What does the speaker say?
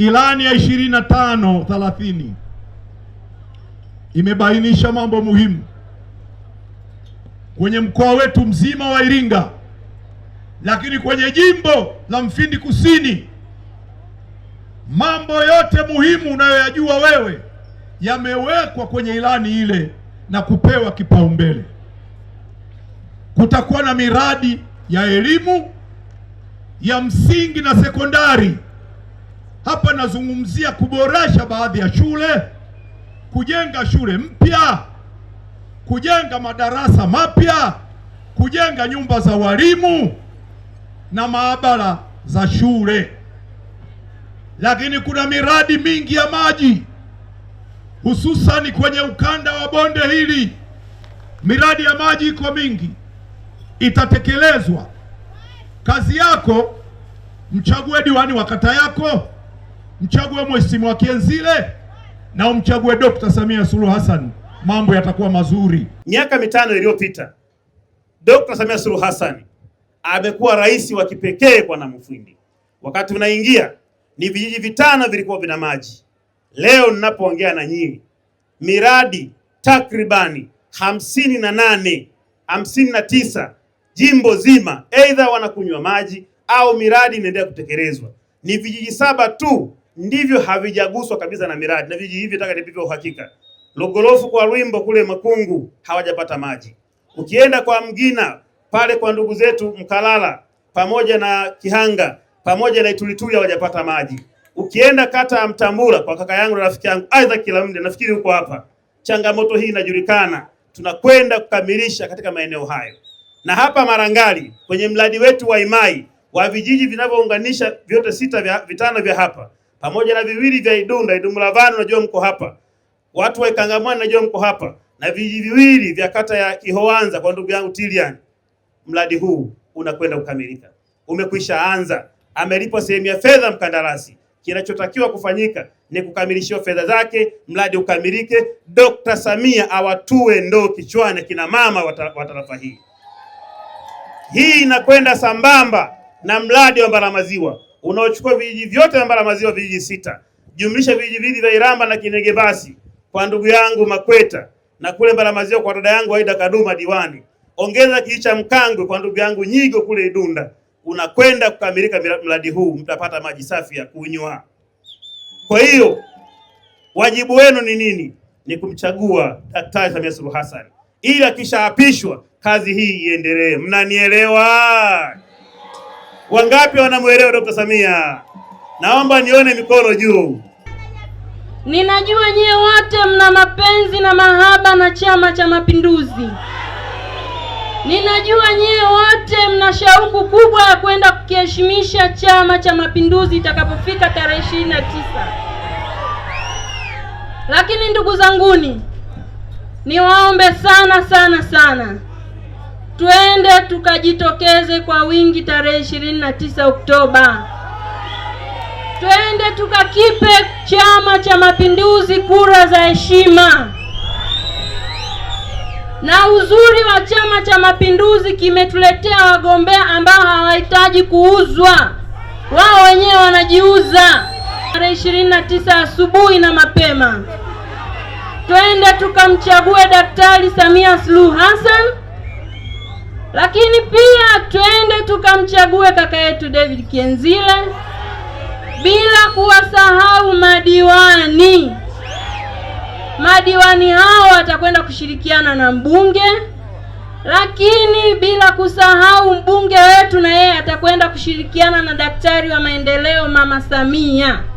Ilani ya ishirini na tano imebainisha mambo muhimu kwenye mkoa wetu mzima wa Iringa, lakini kwenye jimbo la Mfindi Kusini, mambo yote muhimu unayoyajua wewe yamewekwa kwenye ilani ile na kupewa kipaumbele. Kutakuwa na miradi ya elimu ya msingi na sekondari hapa nazungumzia kuboresha baadhi ya shule, kujenga shule mpya, kujenga madarasa mapya, kujenga nyumba za walimu na maabara za shule. Lakini kuna miradi mingi ya maji hususani kwenye ukanda wa bonde hili. Miradi ya maji iko mingi, itatekelezwa. Kazi yako mchague diwani wa kata yako mchague Mheshimiwa Kienzile na umchague Dr. Samia Suluhu Hassan, mambo yatakuwa mazuri. Miaka mitano iliyopita Dr. Samia Suluhu Hassan amekuwa rais wa kipekee kwa Namufindi. Wakati tunaingia ni vijiji vitano vilikuwa vina maji. Leo ninapoongea na nyinyi, miradi takribani hamsini na nane hamsini na tisa jimbo zima, aidha wanakunywa maji au miradi inaendelea kutekelezwa. Ni vijiji saba tu ndivyo havijaguswa kabisa na miradi, na vijiji hivi nataka nipige uhakika. Logolofu kwa Rwimbo kule Makungu hawajapata maji. Ukienda kwa Mgina pale kwa ndugu zetu Mkalala pamoja na Kihanga pamoja na Itulituli hawajapata maji. Ukienda kata ya Mtambura kwa kaka yangu na rafiki yangu aidha kila nafikiri huko hapa changamoto hii inajulikana, tunakwenda kukamilisha katika maeneo hayo. Na hapa Marangali kwenye mradi wetu wa Imai wa vijiji vinavyounganisha vyote sita vya, vitano vya hapa pamoja na viwili vya Idunda, Idumulavani, unajua mko hapa, watu wa Ikangamwani, najua mko hapa, na vijiji viwili vya kata ya Kihoanza kwa ndugu yangu Tilian, mradi huu unakwenda kukamilika, umekwisha anza, amelipwa sehemu ya fedha mkandarasi. Kinachotakiwa kufanyika ni kukamilishiwa fedha zake, mradi ukamilike. Dr. Samia awatue ndoo kichwani kina mama wa tarafa hii. Hii inakwenda sambamba na mradi wa Mbaramaziwa unaochukua vijiji vyote vya Mbara Maziwa, vijiji sita, jumlisha vijiji vili vya Iramba na Kinege basi kwa ndugu yangu Makweta, na kule Mbara Maziwa kwa dada yangu Aida Kaduma diwani, ongeza kijiji cha Mkangwe kwa ndugu yangu Nyigo kule Idunda. Unakwenda kukamilika mradi huu, mtapata maji safi ya kunywa. Kwa hiyo wajibu wenu ni nini? Ni kumchagua Daktari Samia Suluhu Hassan ili akishaapishwa kazi hii iendelee. Mnanielewa? Wangapi wanamwelewa Dr. Samia? Naomba nione mikono juu. Ninajua nyie wote mna mapenzi na mahaba na Chama cha Mapinduzi. Ninajua nyie wote mna shauku kubwa ya kwenda kukiheshimisha Chama cha Mapinduzi itakapofika tarehe ishirini na tisa. Lakini ndugu zanguni, niwaombe sana sana sana twende tukajitokeze kwa wingi tarehe 29 Oktoba. Twende tukakipe Chama cha Mapinduzi kura za heshima. Na uzuri wa Chama cha Mapinduzi kimetuletea wagombea ambao hawahitaji kuuzwa, wao wenyewe wanajiuza. Tarehe 29 asubuhi na mapema, twende tukamchague Daktari Samia Suluhu Hassan lakini pia twende tukamchague kaka yetu David Kienzile, bila kuwasahau madiwani. Madiwani hao watakwenda kushirikiana na mbunge, lakini bila kusahau mbunge wetu na yeye atakwenda kushirikiana na daktari wa maendeleo Mama Samia.